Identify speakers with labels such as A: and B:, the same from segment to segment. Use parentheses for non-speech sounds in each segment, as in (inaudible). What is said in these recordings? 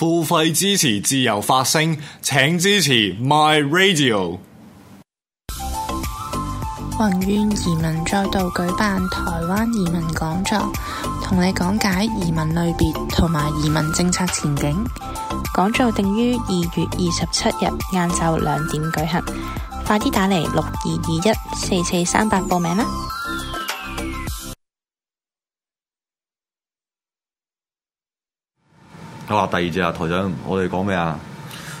A: 付費支持自由發聲，請支持 My Radio。宏願移民再度舉辦台灣移民講座，同你講解移民類別同埋移民政策前景。講座定於二月
B: 二十七日晏晝兩點舉行，快啲打嚟六二二一四四三八報名啦！
A: 我話第二隻啊，台長，我哋講咩啊？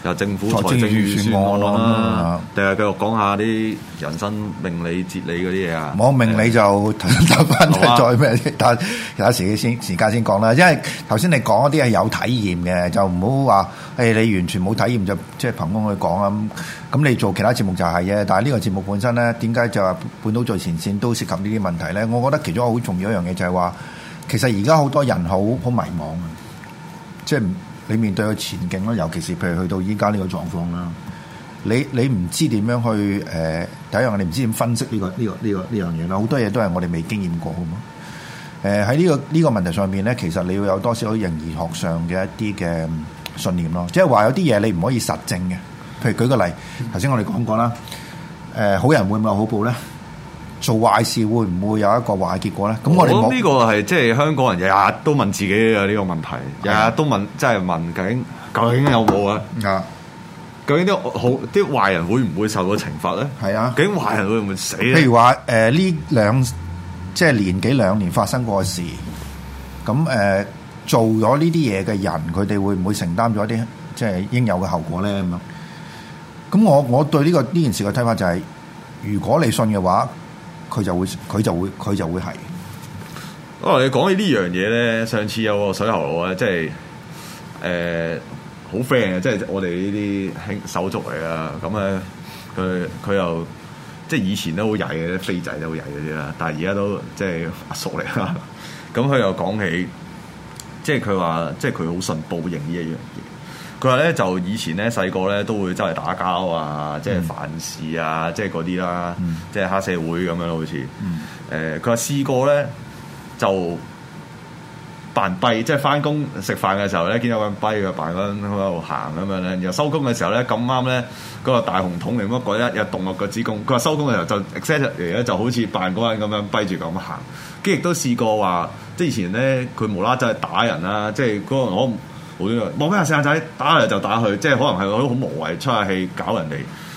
A: 由政府財政預算案啦，定係、嗯、繼續講下啲人生命理哲理嗰啲嘢啊？
B: 冇、嗯、命理就揼翻出再咩？但其他時先時間先講啦。因為頭先你講嗰啲係有體驗嘅，就唔好話誒你完全冇體驗就即、是、係憑空去講啦。咁你做其他節目就係、是、嘅，但係呢個節目本身咧，點解就係本土最前線都涉及呢啲問題咧？我覺得其中好重要一樣嘢就係、是、話，其實而家好多人好好迷茫即係你面對嘅前景啦，尤其是譬如去到依家呢個狀況啦，你你唔知點樣去誒第一樣，你唔知點分析呢、這個呢、這個呢、這個呢樣嘢啦，好多嘢都係我哋未經驗過好嘛。誒喺呢個呢、這個問題上面咧，其實你要有多少喺形而上學嘅一啲嘅信念咯，即係話有啲嘢你唔可以實證嘅。譬如舉個例，頭先我哋講過啦，誒、呃、好人會唔會有好報咧？做壞事會唔會有一個壞結果咧？咁我哋冇呢
A: 個係即係香港人日日都問自己嘅呢個問題，日日的都問，即係問究竟究竟有冇啊？啊的！究竟啲好啲壞人會唔會受到懲罰咧？係啊的！究竟壞人會唔會死？譬如話
B: 誒呢兩即係年幾兩年發生過嘅事，咁、嗯、誒、呃、做咗呢啲嘢嘅人，佢哋會唔會承擔咗一啲即係應有嘅後果咧？咁樣，咁我我，我對呢個呢件事嘅睇法就係、是，如果你信嘅話。佢就會佢就會佢就會係。
A: 我話、哦、你講起呢樣嘢咧，上次有個水喉啊、即係呃，即係誒好 friend 嘅，即係我哋呢啲兄手足嚟啦。咁啊，佢佢又即係以前都好曳嘅，啲飛仔都好曳嗰啲啦。但係而家都即係阿叔嚟啦。咁 (laughs) 佢、嗯、又講起，即係佢話，即係佢好信報應呢一樣嘢。佢話咧就以前咧細個咧都會周圍打交啊，即係犯事啊，即係嗰啲啦，即係黑社會咁樣好似。誒、嗯，佢話試過咧就扮跛，即係翻工食飯嘅時候咧見有個人跛就扮嗰喺度行咁樣咧，然後收工嘅時候咧咁啱咧嗰個大紅桶嚟咁樣過一，那個、一動我個子宮。佢話收工嘅時候就 excited 嚟咧，就好似扮嗰人咁樣跛住咁行。跟亦都試過話，即係以前咧佢無啦啦走去打人啦，即係嗰個我。望咩下細眼仔打嚟就打去，即係可能係我好無謂出下氣搞人哋。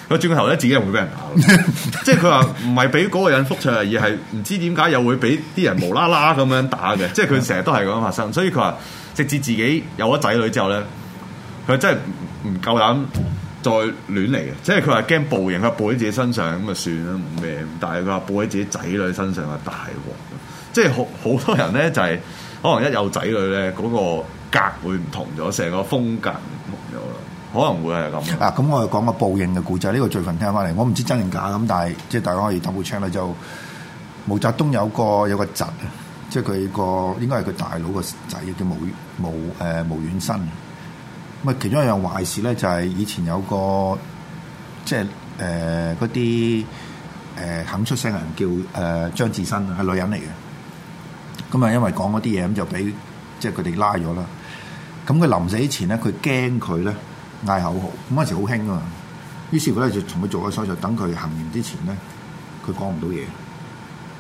A: 佢轉個頭咧，自己又會俾人打。 (laughs) 即係佢話唔係俾嗰個人復出嚟，而係唔知點解又會俾啲人無啦啦咁樣打嘅。即係佢成日都係咁發生，所以佢話直至自己有咗仔女之後咧，佢真係唔夠膽再亂嚟嘅。即係佢話驚報應，佢報喺自己身上咁就算啦，唔咩。但係佢話報喺自己仔女身上係大鑊。即係好好多人咧就係、是。可能一有仔女咧，嗰、那個格會唔同咗，成個風格唔同咗啦。
B: 可能會係咁。啊，咁我哋講個報應嘅故仔，呢、這個最近聽翻嚟，我唔知真定假，咁但係即係大家可以 double check 啦。就毛澤東有個有個侄，即係佢個應該係佢大佬個仔，叫毛毛誒、呃、毛遠新。咁啊，其中一樣壞事咧，就係、是、以前有個即係誒嗰啲誒肯出聲嘅人叫誒、呃、張志新，係女人嚟嘅。咁啊，因為講嗰啲嘢，咁就俾即係佢哋拉咗啦。咁佢臨死之前咧，佢驚佢咧嗌口號，咁嗰陣時好興啊嘛。於是佢咧，就同佢做咗手術，就等佢行完之前咧，佢講唔到嘢。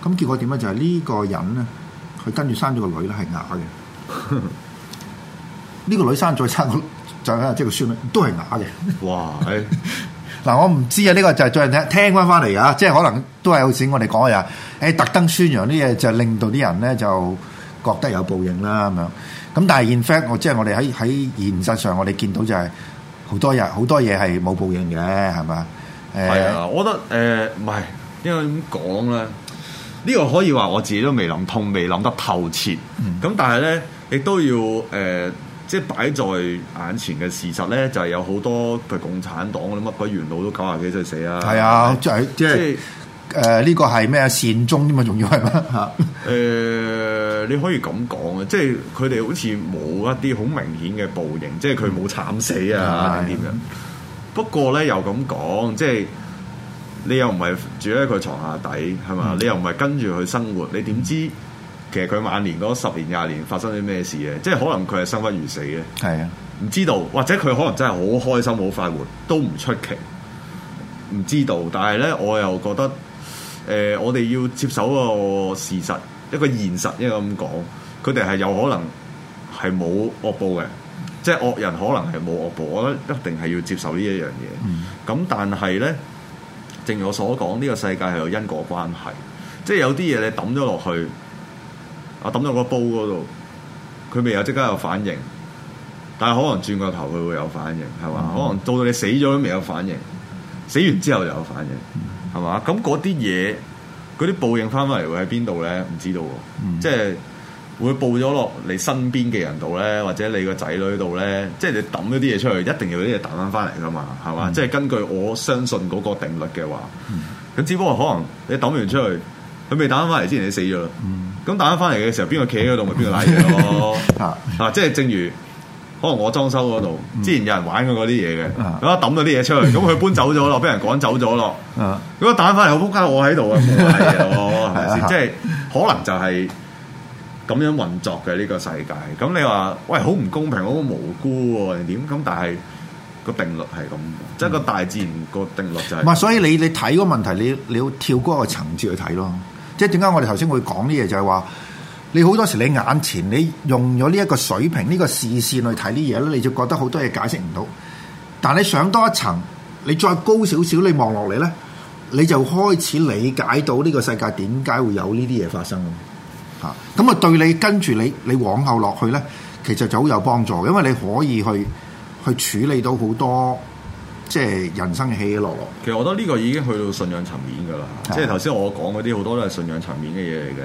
B: 咁結果點咧？就係呢個人咧，佢跟住生咗個女咧係啞嘅。呢個女生再生就咧，即係個孫咧都係啞嘅。哇！ (laughs) 嗱、啊，我唔知啊，呢、這個就係、是、再聽聽翻翻嚟啊，即係可能都係好似我哋講嘅嘢，誒、哎、特登宣揚啲嘢就令到啲人咧就覺得有報應啦咁樣。咁但係 in fact，即我即係我哋喺喺現實上，我哋見到就係、是、好多人好多嘢係冇報應嘅，係咪啊？誒、嗯，
A: 我覺得誒唔係，因、呃、為點講咧？呢、這個可以話我自己都未諗通，未諗得透徹。咁、嗯、但係咧，亦都要誒。呃即係擺在眼前嘅事實咧，就係、是、有好多譬如共產黨啲乜鬼元老都九廿幾歲死啦。係啊，即係
B: 即係誒呢個係咩啊？善終添嘛，仲、啊、要係嘛嚇？誒 (laughs) 、
A: 呃，你可以咁講啊，即係佢哋好似冇一啲好明顯嘅報應，即係佢冇慘死啊定點、嗯啊啊、樣？不過咧又咁講，即係你又唔係住喺佢床下底係嘛？嗯、你又唔係跟住佢生活，你點知？其實佢晚年嗰十年廿年發生啲咩事嘅？即係可能佢係生不如死嘅，係啊的，唔知道，或者佢可能真係好開心好快活，都唔出奇，唔知道。但係咧，我又覺得，誒、呃，我哋要接受個事實，一個現實，應該咁講，佢哋係有可能係冇惡報嘅，即係惡人可能係冇惡報，我覺得一定係要接受、嗯、呢一樣嘢。咁但係咧，正如我所講，呢、這個世界係有因果關係，即係有啲嘢你抌咗落去。我抌咗個煲嗰度，佢未有即刻有反應，但係可能轉個頭佢會有反應，係嘛？嗯、可能到到你死咗都未有反應，死完之後又有反應，係嘛？咁嗰啲嘢，嗰啲報應翻翻嚟會喺邊度咧？唔知道喎，嗯、即係會報咗落你身邊嘅人度咧，或者你個仔女度咧，即係你抌咗啲嘢出去，一定要有啲嘢彈翻翻嚟㗎嘛，係嘛？嗯、即係根據我相信嗰個定律嘅話，咁、嗯、只不過可能你抌完出去。佢未打翻翻嚟之前，你死咗啦。咁打翻翻嚟嘅時候，邊個企喺度咪邊個瀨嘢咯？ (laughs) 啊，即、就、係、是、正如可能我裝修嗰度，之前有人玩過嗰啲嘢嘅，咁一抌咗啲嘢出嚟，咁佢搬走咗咯，俾 (laughs) 人趕走咗咯。咁個打翻嚟，好仆街，我喺度啊！我 (laughs) 即係可能就係咁樣運作嘅呢、這個世界。咁你話喂，好唔公平，好無辜喎？點、啊、咁？但係個定律係咁，即、就、係、是、個大自然個定律就係。唔係、嗯，所
B: 以你你睇個問題，你你要跳高一個層次去睇咯。即係點解我哋頭先會講呢嘢？就係話你好多時你眼前你用咗呢一個水平，呢個視線去睇啲嘢咧，你就覺得好多嘢解釋唔到。但你上多一層，你再高少少，你望落嚟咧，你就開始理解到呢個世界點解會有呢啲嘢發生咯。嚇！咁啊，對你跟住你你往後落去咧，其實就好有幫助，因為你可以去去處理到好多。即係人生起起落落。其
A: 實我覺得呢個已經去到信仰層面㗎啦。的即係頭先我講嗰啲好多都係信仰層面嘅嘢嚟嘅。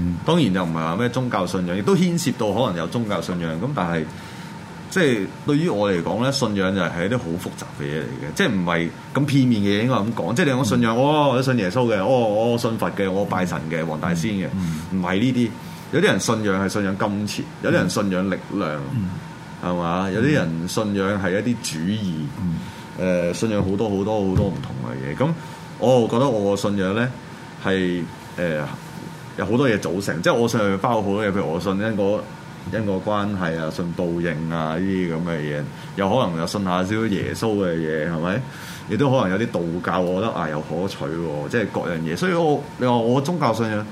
A: 嗯、當然就唔係話咩宗教信仰，亦都牽涉到可能有宗教信仰。咁但係即係對於我嚟講咧，信仰就係一啲好複雜嘅嘢嚟嘅。即係唔係咁片面嘅嘢應該咁講。嗯、即係你講信仰，哦，我信耶穌嘅、哦，我信佛嘅，我拜神嘅，黃大仙嘅，唔係呢啲。有啲人信仰係信仰金錢，有啲人信仰力量，係嘛、嗯嗯？有啲人信仰係一啲主義。嗯誒、呃、信仰好多好多好多唔同嘅嘢，咁我覺得我個信仰咧係誒有好多嘢組成，即係我信包好多嘢，譬如我信因果，因果關係啊，信道應啊呢啲咁嘅嘢，又可能又信下少少耶穌嘅嘢，係咪？亦都可能有啲道教，我覺得啊又可取喎、哦，即係各樣嘢。所以我你話我宗教信仰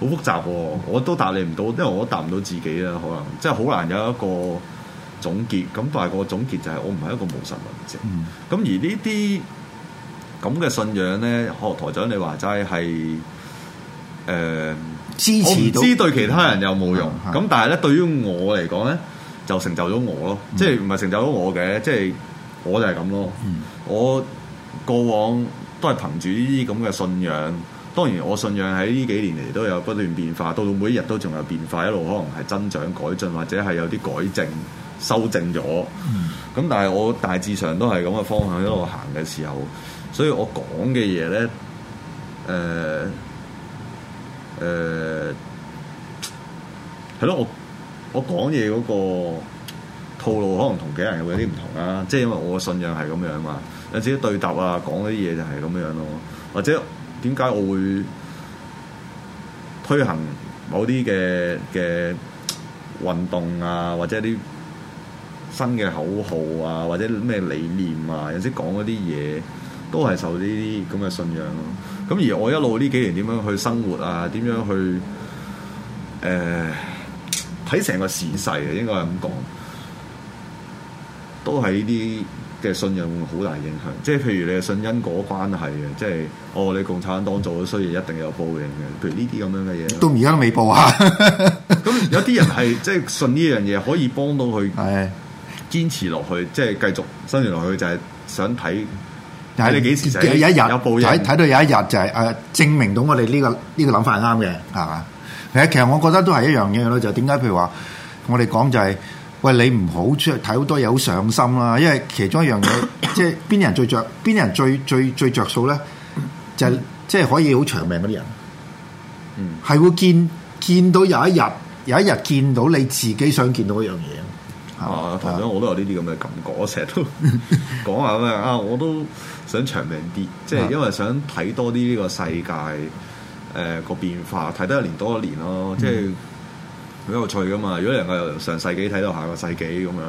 A: 好複雜喎、哦，我都答你唔到，因為我答唔到自己啦，可能即係好難有一個。總結咁大個總結就係我唔係一個無神論者，咁、嗯、而呢啲咁嘅信仰呢，何台長你話齋係誒支持，我唔知對其他人有冇用，咁、嗯嗯、但係咧對於我嚟講呢，就成就咗我咯，嗯、即係唔係成就咗我嘅，即係我就係咁咯。嗯、我過往都係憑住呢啲咁嘅信仰，當然我信仰喺呢幾年嚟都有不斷變化，到到每一日都仲有變化，一路可能係增長、改進或者係有啲改正。修正咗，咁、嗯、但係我大致上都係咁嘅方向一路行嘅時候，所以我講嘅嘢咧，誒、呃，誒、呃，係咯，我我講嘢嗰個套路可能同其他人有啲唔同啊，即、就、係、是、因為我嘅信仰係咁樣啊嘛，有自己對答啊，講啲嘢就係咁樣咯，或者點解我會推行某啲嘅嘅運動啊，或者啲新嘅口號啊，或者咩理念啊，有時講嗰啲嘢都係受呢啲咁嘅信仰咯、啊。咁而我一路呢幾年點樣去生活啊，點樣去誒睇成個時勢啊，應該係咁講，都係呢啲嘅信仰會好大影響。即係譬如你係信因果關係嘅，即係哦，你共產黨做咗衰嘢一定有報應嘅。譬如呢啲咁樣嘅嘢，到而家都未報啊。咁 (laughs) 有啲人係即係信呢樣嘢，可以幫到佢。係。 (laughs) 堅持落去，即係繼續生存落去，就係、是、想睇。睇
B: 你幾時有報？有一日，睇、就、睇、是、到有一日、就係，就係誒證明到我哋呢、呢個呢、呢個諗法係啱嘅，係嘛？其實其實我覺得都係一樣嘢咯，就點、是、解？譬如話、就係，我哋講就係喂，你唔好出去睇好多嘢，好上心啦、啊。因為其中一樣嘢， (coughs) 即係邊啲人最着，邊啲人最最最着數咧？就係即係可以好長命嗰啲人，嗯，係會見見到有一日有一日見到你自己想見到一樣嘢。啊，台長，吧我都有呢啲咁嘅感覺，我成日都講
A: 下咩啊，我都想長命啲，即係因為想睇多啲呢個世界，誒、呃、個變化，睇多一年多一年咯，即係好有趣噶嘛。如果你能夠由上世紀睇到下個世紀咁樣，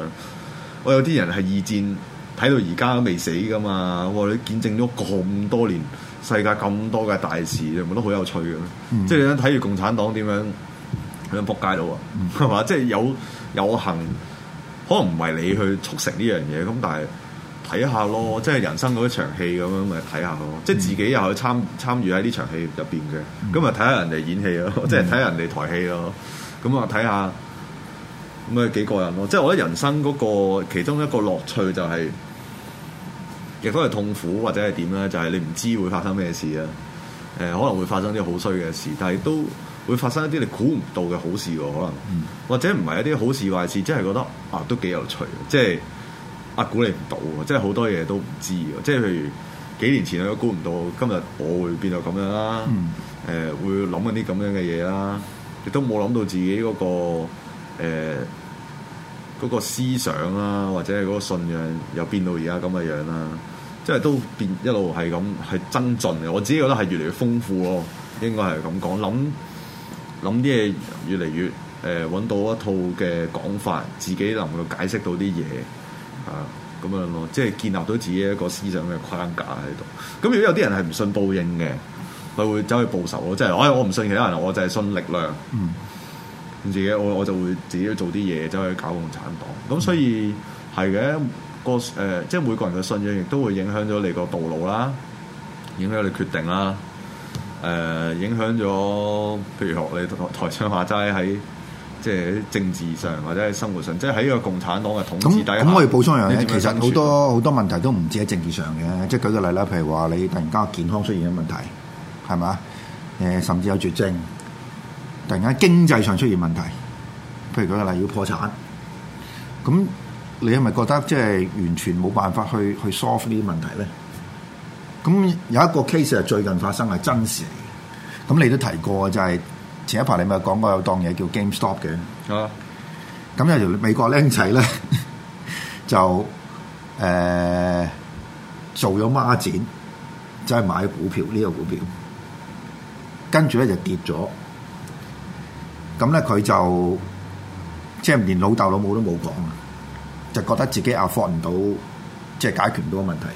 A: 我有啲人係二戰睇到而家都未死噶嘛。我話你見證咗咁多年世界咁多嘅大事，有冇覺得好有趣嘅？即係你睇住共產黨點樣喺撲街度啊，係嘛？即係、嗯、 (laughs) 有有幸。可能唔係你去促成呢樣嘢，咁但係睇下咯，即係人生嗰場戲咁樣咪睇下咯，即係自己又去參參與喺呢場戲入邊嘅，咁咪睇下人哋演戲咯，即係睇下人哋台戲咯，咁啊睇下，咁啊幾過癮咯！即係我覺得人生嗰個其中一個樂趣就係、是，亦都係痛苦或者係點咧，就係、是、你唔知會發生咩事啊，誒、呃、可能會發生啲好衰嘅事，但係都，會發生一啲你估唔到嘅好事喎，可能、嗯、或者唔係一啲好事壞事，即、就、係、係、覺得啊都幾有趣，即係啊估你唔到，即係好多嘢都唔知嘅，即係譬如幾年前我都估唔到今日我會變、嗯呃、變到咁樣啦，誒會諗嗰啲咁樣嘅嘢啦，亦都冇諗到自己嗰、嗰個誒、呃嗰個、思想啦、啊，或者係嗰個信仰又變到而家咁嘅樣啦，即係都變一路係咁係增進嘅，我自己覺得係越嚟越豐富咯，應該係咁講諗。諗啲嘢越嚟越誒揾、呃、到一套嘅講法，自己能夠解釋到啲嘢啊咁樣咯，即係建立到自己一個思想嘅框架喺度。咁、嗯、如果有啲人係唔信報應嘅，佢會走去報仇咯。即係、哎、我我唔信其他人，我就係信力量。嗯，自己我我就會自己去做啲嘢，走去搞共產黨。咁所以係嘅個誒、呃，即係每個人嘅信仰亦都會影響咗你個道路啦，影響你決定啦。誒、呃、影響咗，譬如學你台台商話齋喺，即係政治上或者喺生活上，即係喺個共產黨嘅統治底下。咁咁那，我哋補充一樣嘢，其實好多
B: 好多問題都唔止喺政治上嘅。即係舉個例啦，譬如話你突然間健康出現咗問題，係嘛？誒，甚至有絕症，突然間經濟上出現問題，譬如舉個例要破產，咁你係咪覺得即係完全冇辦法去去 solve 呢啲問題咧？咁有一個 case 係最近發生，係真事嚟。咁你都提過，就係、是、前一排你咪講過有檔嘢叫 GameStop 嘅，咁有條美國僆仔咧，就誒、呃、做咗孖展，就係、是、買股票呢、這個股票，跟住咧，就跌咗，咁咧佢就即係、就是、連老豆老母都冇講，啊，就覺得自己 afford 唔到，即、就、係、是、解決唔到個問題。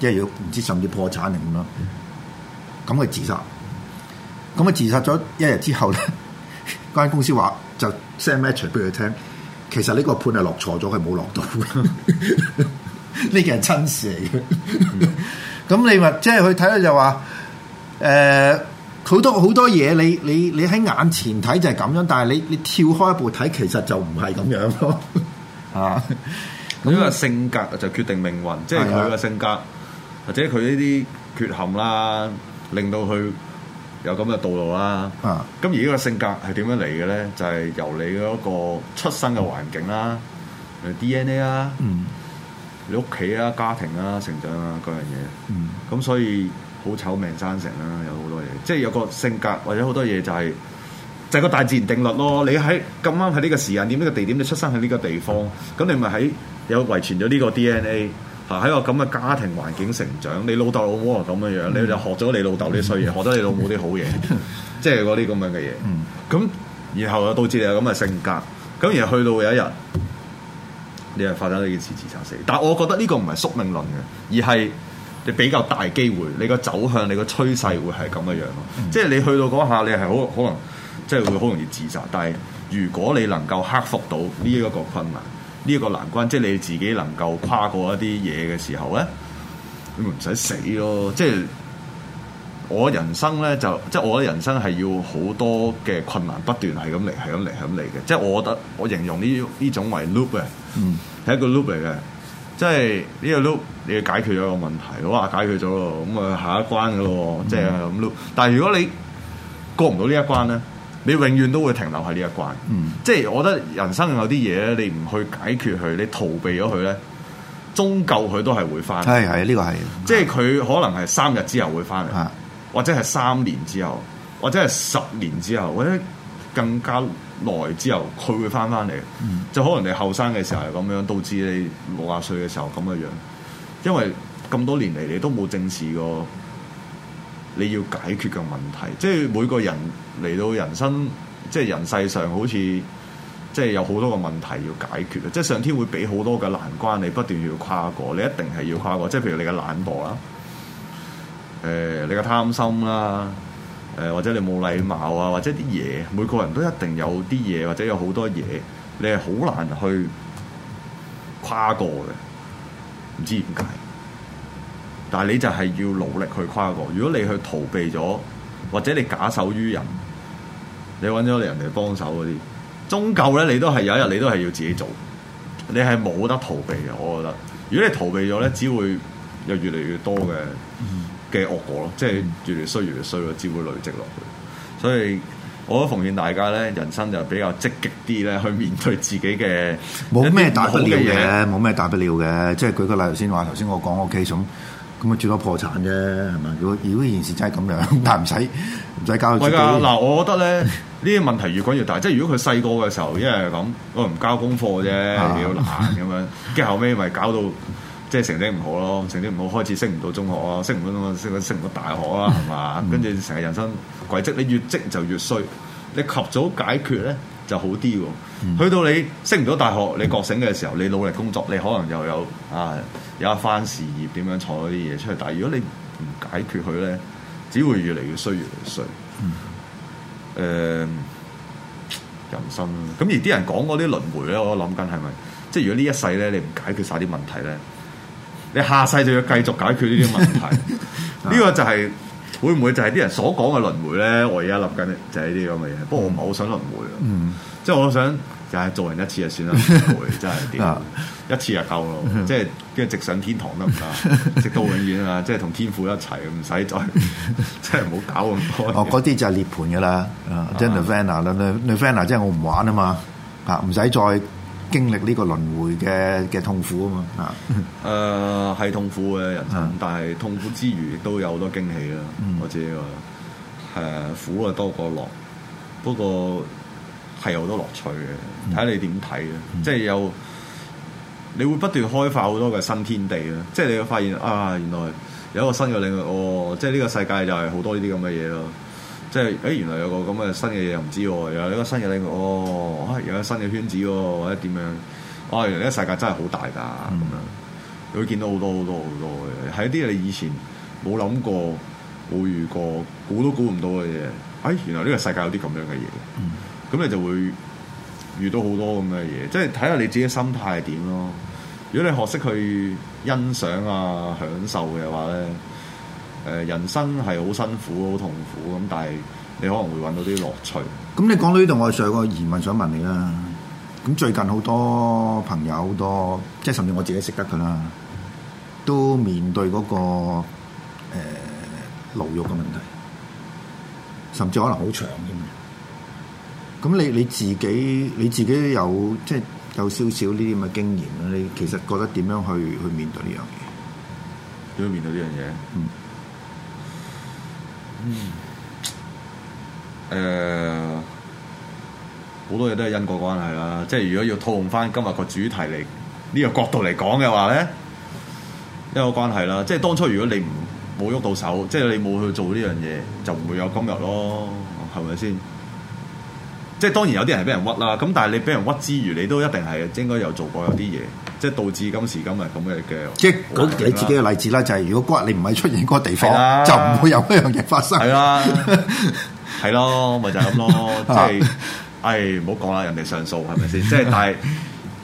B: 一日唔知甚至破產定咁樣，咁佢自殺，咁佢自殺咗一日之後咧，間公司話就 send message 俾佢聽，其實呢個判係落錯咗，佢冇落到，呢件係真事嚟嘅。咁、嗯、你咪即係去睇咧，就話誒好多好多嘢，你你你喺眼前睇就係咁樣，但係你你跳開一步睇，其實就唔係咁樣咯。啊，
A: 咁啊、 (laughs) 就是、 (laughs) 性格就決定命運，即係佢嘅性格、啊。或者佢呢啲缺陷啦，令到佢有咁嘅道路啦。咁、啊、而呢個性格係點樣嚟嘅咧？就係由你嗰個出生嘅環境啦、DNA 啦、你屋企啦、家庭啦、成長啊嗰樣嘢。咁所以好醜命生成啦，有好多嘢。即係有個性格或者好多嘢就係就係個大自然定律咯。你喺咁啱喺呢個時間點、呢、呢個地點，你出生喺呢個地方，咁、嗯、你咪喺有遺傳咗呢個 DNA。喺個咁嘅家庭環境成長，你老豆老母又咁樣樣，嗯、你就學咗你老豆啲衰嘢，學咗你老母啲好嘢， (laughs) 即係嗰啲咁樣嘅嘢。咁、嗯、然後又導致你有咁嘅性格，咁然後去到有一日，你又發生呢件事自殺死。但係我覺得呢個唔係宿命論嘅，而係你比較大機會，你個走向、你個趨勢會係咁嘅樣咯。即係、嗯、你去到嗰下，你係好可能即係、即係、會好容易自殺。但係如果你能夠克服到呢一個困難。呢個難關，即係你自己能夠跨過一啲嘢嘅時候咧，你咪唔使死咯。即係我人生咧，就即係我嘅人生係要好多嘅困難不斷係咁嚟，係咁嚟，係咁嚟嘅。即係我覺得我形容呢呢種為 loop 啊，嗯，係一個 loop 嚟嘅。即係呢個 loop，你要解決咗個問題，哇、嗯！解決咗咯，咁啊下一關嘅咯，即係咁 loop。但係如果你過唔到呢一關咧？你永遠都會停留喺呢一關，嗯、即係我覺得人生有啲嘢咧，你唔去解決佢，你逃避咗佢咧，終究佢都係會翻。係係，呢個係，即係佢可能係三日之後會翻嚟，係，或者係三年之後，或者係十年之後，或者更加耐之後，佢會翻翻嚟。就可能你後生嘅時候係咁樣，導致你六廿歲嘅時候咁嘅樣，因為咁多年嚟你都冇正視過。你要解決嘅問題，即係每個人嚟到人生，即係人世上好，好似即係有好多個問題要解決啊！即係上天會俾好多嘅難關，你不斷要跨過，你一定係要跨過。即係譬如你嘅懶惰啦，誒、呃，你嘅貪心啦，誒、呃，或者你冇禮貌啊，或者啲嘢，每個人都一定有啲嘢，或者有好多嘢，你係好難去跨過嘅，唔知點解。但係你就係要努力去跨過。如果你去逃避咗，或者你假手於人，你揾咗人哋幫手嗰啲，終究咧你都係有一日你都係要自己做。你係冇得逃避嘅，我覺得。如果你逃避咗咧，只會有越嚟越多嘅嘅、嗯、惡果咯，即係越嚟衰越嚟衰，只會累積落去。所以我都奉勸大家咧，人生就比較積極啲咧，去面對自己嘅。
B: 冇咩大不了嘅，冇咩大不了嘅。即係舉個例頭先話，頭先我講個 K 嬸。咁咪最多破產啫，係咪？如果如果件事真係咁樣，但係唔使唔使交。唔係㗎，嗱、
A: 啊，我覺得咧，呢啲問題越講越大。即係如果佢細個嘅時候，因為咁，我唔交功課啫，你好難咁樣。跟住、啊、後屘咪 (laughs) 搞到即係成績唔好咯，成績唔好開始升唔到中學啊，升唔到升個升唔到大學啊，係嘛？跟住成個人生軌跡，你越積就越衰。你及早解決咧。就好啲喎，去到你升唔到大學，你覺醒嘅時候，你努力工作，你可能又有啊有一番事業，點樣創啲嘢出嚟。但係如果你唔解決佢呢，只會越嚟越衰越嚟越衰。誒、呃，人生咁、啊、而啲人講嗰啲輪迴呢，我諗緊係咪？即係如果呢一世呢，你唔解決晒啲問題呢，你下世就要繼續解決呢啲問題。呢 (laughs) 個就係、是。會唔會就係啲人所講嘅輪回咧？我而家諗緊就係呢啲咁嘅嘢。不過我唔係好想輪回，即係我都想就係、嗯、做人一次就算啦，輪回 (laughs) 真係點一次就夠咯，嗯、即係跟住直上天堂都唔得？ (laughs) 直到永遠啊，即係同天父一齊，唔使再即係唔好搞咁多。哦，嗰
B: 啲就係涅槃噶啦，嗯、即係 friend 啊，女 friend 啊，納納即係我唔玩啊嘛，吓唔使再。經歷呢個輪回嘅嘅痛苦啊嘛，啊、 (laughs) 呃，
A: 誒係痛苦嘅人生，嗯、但係痛苦之餘都有好多驚喜啦，或者誒苦啊多過樂，不過係有好多樂趣嘅，睇你點睇啦，嗯、即係有你會不斷開發好多嘅新天地啦，即係你會發現啊，原來有一個新嘅領域哦，即係呢個世界就係好多呢啲咁嘅嘢咯。即係，誒原來有個咁嘅新嘅嘢又唔知喎，又有啲新嘅領域哦，啊、哎、又有一個新嘅圈子喎、哦，或者點樣？啊、哦，原來呢個世界真係好大㗎，咁、嗯、樣你會見到好多好多好多嘅，係一啲你以前冇諗過、冇遇過、估都估唔到嘅嘢。誒，原來呢個世界有啲咁樣嘅嘢，咁、嗯、你就會遇到好多咁嘅嘢。即係睇下你自己心態係點咯。如果你學識去欣賞啊、享受嘅話咧。誒人生係好辛苦、好痛苦咁，但係你可能會揾到啲樂趣。
B: 咁你講到呢度，我有兩個疑問想問你啦。咁最近好多朋友，好多即係甚至我自己識得㗎啦，都面對嗰、那個誒牢獄嘅問題，甚至可能好長嘅。咁你你自己你自己有，即係有少少呢啲咁嘅經驗，你其實覺得點樣去去面對呢樣嘢？點樣面對呢樣嘢？嗯。
A: 嗯，誒、呃，好多嘢都係因果關係啦。即係如果要套用翻今日個主題嚟呢、呢個角度嚟講嘅話咧，因果關係啦。即係當初如果你唔冇喐到手，即係你冇去做呢樣嘢，就唔會有今日咯。係咪先？即係當然有啲人俾人屈啦，咁但係你俾人屈之餘，你都一定係應該有做過有啲嘢，即係導致今時今日咁嘅嘅。即係你自己嘅例子啦、就
B: 是，就係如果骨你唔係出現嗰個地方，的就唔會有呢樣嘢發
A: 生。係啦的，係咯， (laughs) 咪就係咁咯。即、就、係、是，唉、哎，唔好講啦，人哋上訴係咪先？即係、就是、但係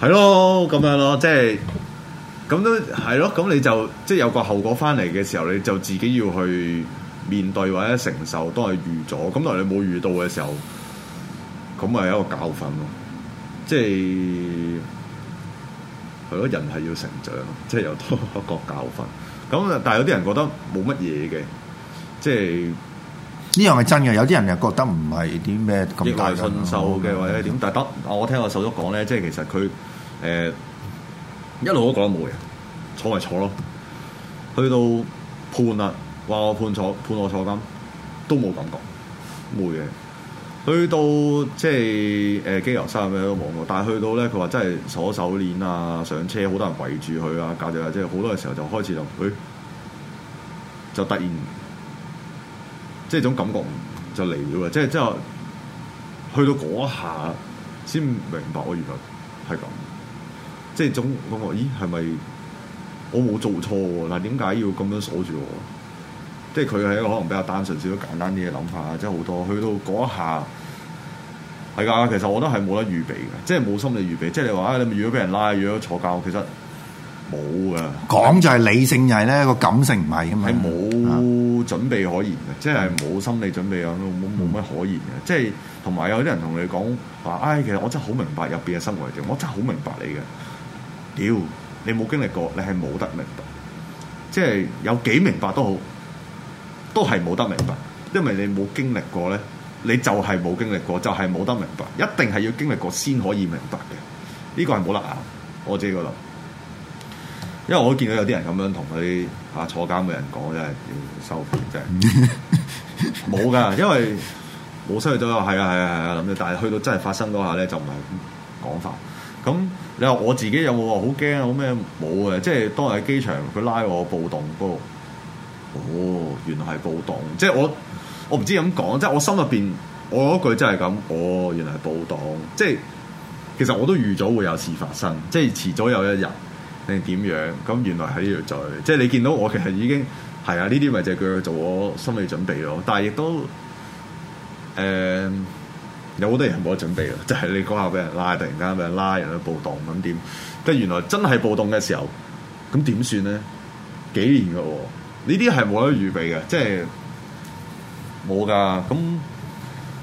A: 係咯，咁樣咯，即係咁都係咯。咁你就即係、就是、有個後果翻嚟嘅時候，你就自己要去面對或者承受，都係預咗。咁當你冇遇到嘅時候。咁咪一個教訓咯，即係係咯，人係要成長，即係有多一個教訓。咁但係有啲人覺得冇乜嘢嘅，即
B: 係呢樣係真嘅。有啲人又覺得唔係啲咩咁逆來順受
A: 嘅或者點，的但係得我聽我手足講咧，即係其實佢誒、呃、一路都講冇嘢，坐咪坐咯。去到判啦，話我判錯判我坐監咁，都冇感覺，冇嘢。去到即係誒，基油山咩都望過，但係去到咧，佢話真係鎖手鏈啊，上車好多人圍住佢啊，搞掂啊，即係好多嘅時候就開始就，欸、就突然即係種感覺就嚟咗啦，即係之後去到嗰下先明白我原來係咁，即係總感覺咦係咪我冇做錯嗱、啊？但點解要咁樣鎖住我？即係佢係一個可能比較單純少少、簡單啲嘅諗法啊！即係好多去到嗰一下係㗎，其實我都係冇得預備嘅，即係冇心理預備。即係你話啊、哎，你咪如果俾人拉咗坐教，其實冇嘅。
B: 講就係理性就呢，
A: 就係咧個感性唔係咁。係冇準備可言嘅，嗯、即係冇心理準備，冇冇冇乜可言嘅。嗯、即係同埋有啲人同你講話，唉、哎，其實我真係好明白入邊嘅生活係點，我真係好明白你嘅。屌，你冇經歷過，你係冇得明白。即、就、係、是、有幾明白都好。都係冇得明白，因為你冇經歷過呢，你就係冇經歷過，就係、是、冇得明白。一定係要經歷過先可以明白嘅，呢、這個係冇得行。我自己覺得，因為我都見到有啲人咁樣同佢嚇坐監嘅人講，真係要收皮，真係冇㗎。因為冇失去咗，係啊，係啊，係啊，諗住。但係去到真係發生嗰下呢，就唔係講法。咁你話我自己有冇話好驚啊？好咩？冇嘅，即係當日喺機場佢拉我,我暴動哦，原來係暴動，即係我我唔知點講，即係我心入邊，我有一句真係咁。哦，原來係暴動，即係其實我都預咗會有事發生，即係遲早有一日定點樣。咁原來喺呢度在，即係你見到我其實已經係啊，呢啲咪就係佢做我心理準備囉。但係亦都誒、呃、有好多人冇得準備啊，就係、是、你嗰下俾人拉，突然間俾人拉，人去暴動咁點？即係原來真係暴動嘅時候，咁點算咧？幾年嘅喎、哦？呢啲係冇得預備嘅，即係冇㗎。咁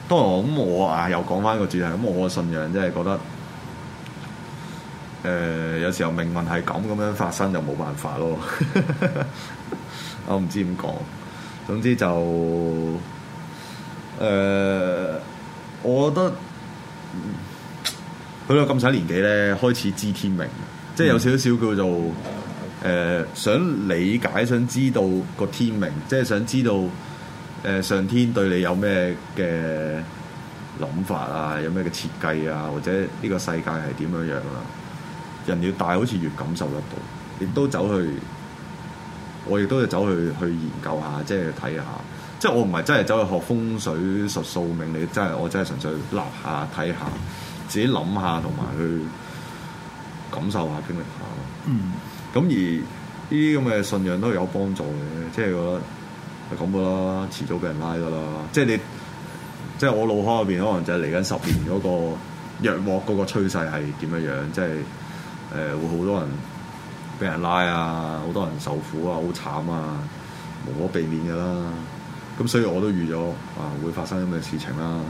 A: 當然，咁我啊又講翻個主題。咁我嘅信仰真係覺得，誒、呃、有時候命運係咁咁樣發生，就冇辦法咯。 (laughs) 我唔知點講，總之就誒、呃，我覺得去到咁細年紀咧，開始知天命，嗯、即係有少少叫做。誒、呃、想理解、想知道個天命，即係想知道誒、呃、上天對你有咩嘅諗法啊，有咩嘅設計啊，或者呢個世界係點樣樣啊？人越大，好似越感受得到，亦都走去，我亦都係走去去研究下，即係睇下。即係我唔係真係走去學風水、術數命，你真係我真係純粹立下睇下，自己諗下同埋去感受下、經歷下咯。嗯。咁而呢啲咁嘅信仰都有幫助嘅，即係我覺得係咁嘅啦，遲早俾人拉㗎啦。即係你，即係我腦海入邊，可能就係嚟緊十年嗰個弱落嗰個趨勢係點樣？即係誒、呃、會好多人俾人拉啊，好多人受苦啊，好慘啊，無可避免嘅啦。咁所以我都預咗啊，會發生咁嘅事情啦。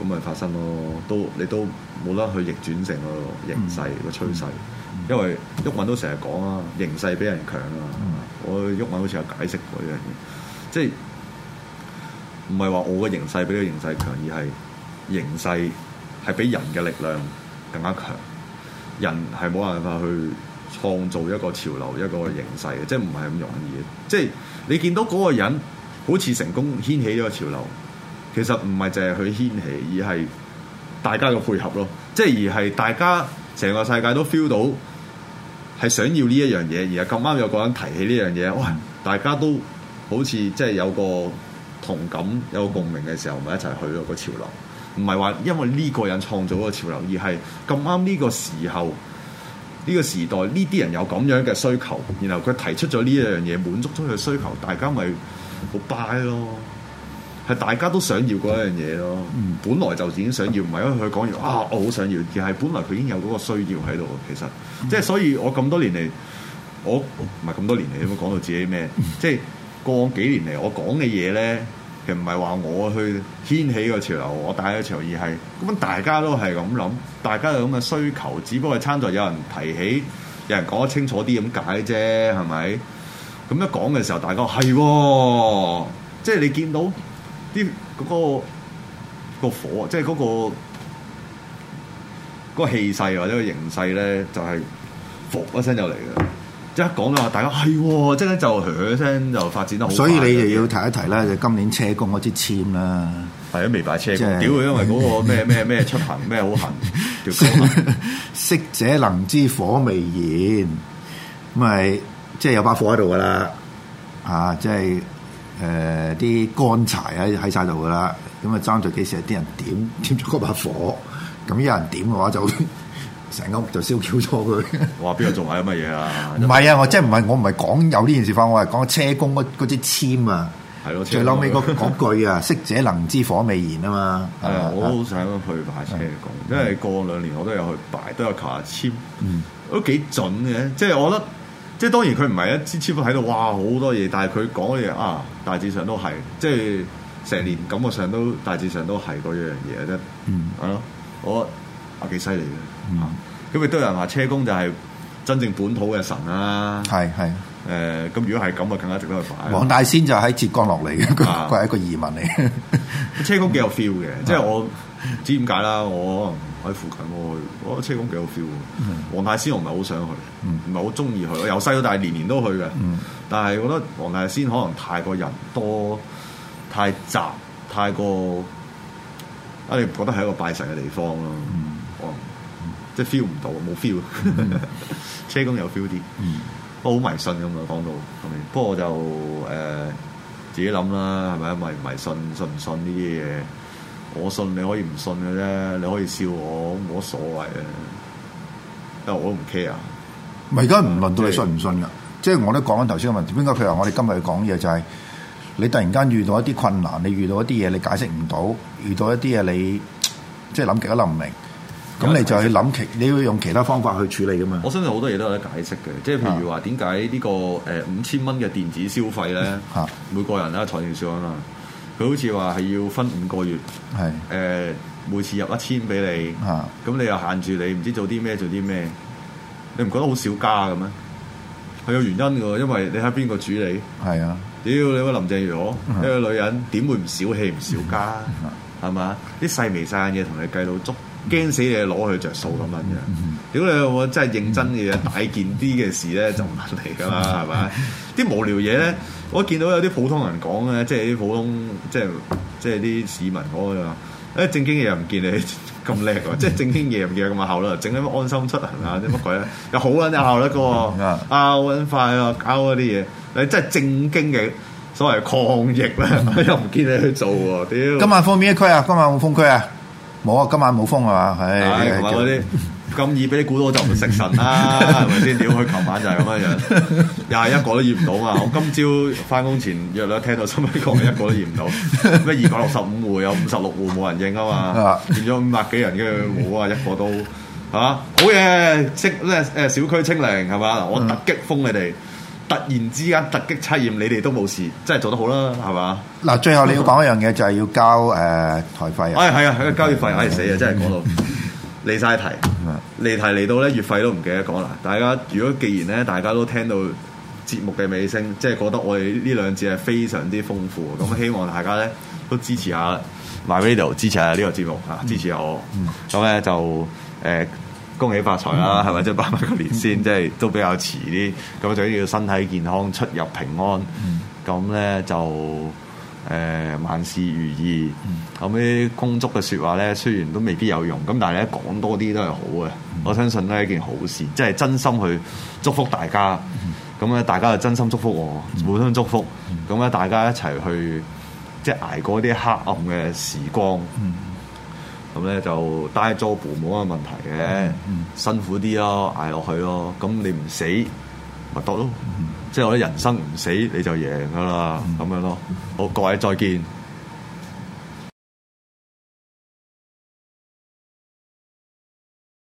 A: 咁咪發生咯，都你都冇得去逆轉成個形勢個趨勢。嗯。因為鬱文都成日講啊，形勢、嗯、比，比人強啊！我鬱文好似有解釋過呢樣嘢，即係唔係話我嘅形勢比個形勢強，而係形勢係比人嘅力量更加強。人係冇辦法去創造一個潮流、一個形勢嘅，即係唔係咁容易。即係你見到嗰個人好似成功掀起咗個潮流，其實唔係淨係佢掀起，而係大家嘅配合咯。即係而係大家成個世界都 feel 到。係想要呢一樣嘢，而係咁啱有個人提起呢樣嘢，哇！大家都好似即係有個同感、有個共鳴嘅時候，咪一齊去咯個潮流，唔係話因為呢個人創造個潮流，而係咁啱呢個時候、呢、這個時代，呢啲人有咁樣嘅需求，然後佢提出咗呢一樣嘢，滿足咗佢需求，大家咪好拜 u 咯。係大家都想要嗰一樣嘢咯，本來就已經想要，唔係因為佢講完啊，我好想要，而係本來佢已經有嗰個需要喺度。其實即係所以我，我咁多年嚟，我唔係咁多年嚟，有冇講到自己咩？即係過幾年嚟，我講嘅嘢咧，其實唔係話我去掀起個潮流，我帶個潮流，而係咁大家都係咁諗，大家有咁嘅需求，只不過餐枱有人提起，有人講得清楚啲咁解啫，係咪？咁一講嘅時候，大家係、哦、即係你見到。啲嗰、那個、那個火，即係嗰、那個嗰、那個氣勢或者個形勢咧，就係火一聲就嚟㗎。即係一講嘅話，大家係、哎，即係就響一聲就發展得好。所以你哋
B: 要提一提咧，嗯、就今年車公嗰支簽啦，係啊，未擺車公，屌佢、就是，因為嗰個咩咩
A: 咩出行咩好行，
B: 識 (laughs) 者能知火未燃，咁係即係有把火喺度噶啦，啊，即、就、係、是。誒啲乾柴喺喺曬度㗎啦，咁啊爭在幾時有啲人點點咗嗰把火，咁有人點嘅話就成間屋就燒焦咗佢，
A: 話邊個仲係有乜嘢啊？
B: 唔係啊，我即係唔係我唔係講有呢件事發生，我係講車工嗰嗰啲簽啊。係咯、啊，最嬲尾嗰句啊，識者能知火未
A: 燃啊嘛。係啊、哎，我好想去擺車工，因為的、嗯、過兩年我都有去擺，都有求簽，都幾準嘅。即係我覺得。即係當然佢唔係一枝支筆喺度，哇好多嘢！但係佢講嘢啊，大致上都係，即係成年感覺上都大致上都係嗰樣嘢啫、嗯啊嗯。嗯，係咯，我幾犀利嘅。咁亦都有人話車公就係真正本土嘅神啦、啊。係係、嗯。誒、嗯，咁如果係咁啊，更加值得去拜、啊。黃大
B: 仙就喺浙江落嚟嘅，佢係、啊、一個移民嚟。
A: 車公幾有 feel 嘅，即係我知點解啦，我。喺附近我去，我覺得車公幾好 feel 嘅。Mm hmm. 黃大仙我唔係好想去，唔係好中意去，由細到大年年都去嘅。Mm hmm. 但係我覺得黃大仙可能太過人多，太雜，太過，你唔覺得係一個拜神嘅地方咯。哦、mm，即係 feel 唔到，冇 feel、mm。Hmm. (laughs) 車公有 feel 啲，mm hmm. 我好迷信咁啊，講到係咪？不過我就誒、呃、自己諗啦，係咪啊？咪唔係信，信唔信呢啲嘢？我信你可以唔信嘅啫，你可以笑我，冇所謂啊。
B: 因為我都唔 care 啊。唔係而家唔輪到你信唔信噶，嗯、即係是我都講緊頭先嘅問題。邊個，佢話我哋今日講嘢就係、是、你突然間遇到一啲困難，你遇到一啲嘢你解釋唔到，遇到一啲嘢你即係諗極都諗唔明，咁你就去諗其，你要用其他方法去處理噶嘛。
A: 我相信好多嘢都有得解釋嘅，即係譬如話點解呢個誒、呃、五千蚊嘅電子消費咧，啊、每個人啦財政上啊。嘛佢好似話係要分五個月，誒是的、呃、每次入一千俾你，咁是的 你又限住你唔知做啲咩做啲咩，你唔覺得好少加嘅咩？係有原因嘅，因為你睇邊個主理。係啊，屌你位林鄭月娥，是的 一個女人點是的 會唔小氣唔少加？係嘛？啲細眉細眼嘢同你計到足。驚死你攞佢着數咁樣，屌你我真係認真嘅嘢， (laughs) 大件啲嘅事咧就唔問你㗎啦，係咪？啲無聊嘢咧，我見到有啲普通人講咧，即係啲普通，即係即係啲市民講嘅話，誒正經嘢又唔見你咁叻喎，即係正經嘢唔見你咁有效率，整啲安心出行咪啊？啲乜鬼咧？又好撚有效率嘅喎，拗緊快啊，搞嗰啲嘢，你真係正經嘅所謂抗疫啦， (laughs) 又唔見你去做喎，屌！ (laughs) 今晚
B: 封邊一區啊，今晚封區啊。冇啊，今晚冇封啊，係。同埋嗰
A: 啲咁易俾你估到就唔食神啦，係咪先？屌佢琴晚就係咁嘅樣，又係一個都驗唔到啊。我今朝翻工前約兩聽到心，三百個一個都驗唔到，咩二百六十五戶有五十六戶冇人應啊嘛，變咗五百幾人嘅，冇啊，一個都係嘛，好嘢清咧，誒，小區清零係嘛？嗱，我突擊封你哋。突然之間突擊測驗，你哋都冇事，真係做得好啦，係嘛？
B: 嗱，最後你要講一樣嘢就係要交誒、呃、台費啊！哎呀，
A: 係啊，交月費，唉，死啊，哎、真係講到離晒題， (laughs) 離題嚟到咧月費都唔記得講啦。大家如果既然咧大家都聽到節目嘅尾聲，即係覺得我哋呢兩節係非常之豐富，咁 (laughs) 希望大家咧都支持下 MyRadio，支持下呢個節目嚇，嗯、支持下我。咁咧、嗯、就誒。呃呃恭喜發財啦、啊，係咪？ (laughs) 即係拜拜個年先，即係 (laughs) 都比較遲啲。咁就要身體健康、出入平安。咁咧 (laughs) 就誒、呃，萬事如意。後尾 (laughs) 恭祝嘅説話咧，雖然都未必有用，咁但係咧講多啲都係好嘅。 (laughs) 我相信咧係一件好事，即係真心去祝福大家。咁咧 (laughs) 大家就真心祝福我，互相祝福。咁咧大家一齊去，即係捱過啲黑暗嘅時光。 (laughs) 咁咧就戴 job 冇乜問題嘅，嗯嗯、辛苦啲咯，捱落去咯。咁你唔死咪得咯，嗯、即係我啲人生唔死你就贏噶啦，咁、嗯、樣咯。嗯、好，各位再見。